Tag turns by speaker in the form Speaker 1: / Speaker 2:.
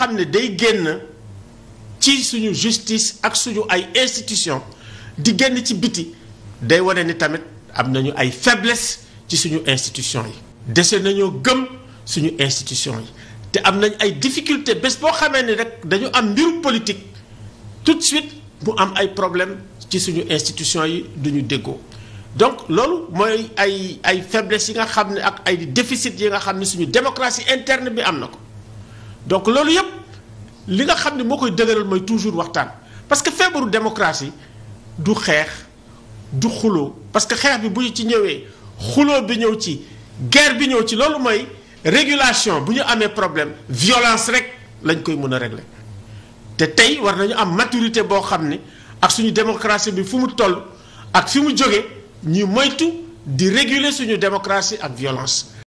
Speaker 1: xam ne day génn ci suñu justice ak suñu ay institution di génn ci biti day wane ni tamit am nañu ay faiblesse ci suñu institution yi dese nañoo gëm suñu institution yi te am nañ ay difficulté bés boo xamee ni rek dañu am mbiru politique tout de suite mu am ay problème ci suñu institution yi duñu déggoo donc loolu mooy ay ay faiblesse yi nga xam ne ak ay déficit yi nga xam ne suñu démocratie interne bi am na ko donc loolu yëpp li nga xam ne moo koy dëgëral mooy toujours waxtaan parce que feebaru démocratie du xeex du xuloo parce que xeex bi bu ñu ci ñëwee xuloo bi ñëw ci guerre bi ñëw ci loolu mooy régulation bu ñu amee problème violence rek lañ koy mën a régler te tey war nañu am maturité boo xam ne ak suñu démocratie bi fu mu toll ak fi mu jóge ñi moytu di réguler suñu démocratie ak
Speaker 2: violence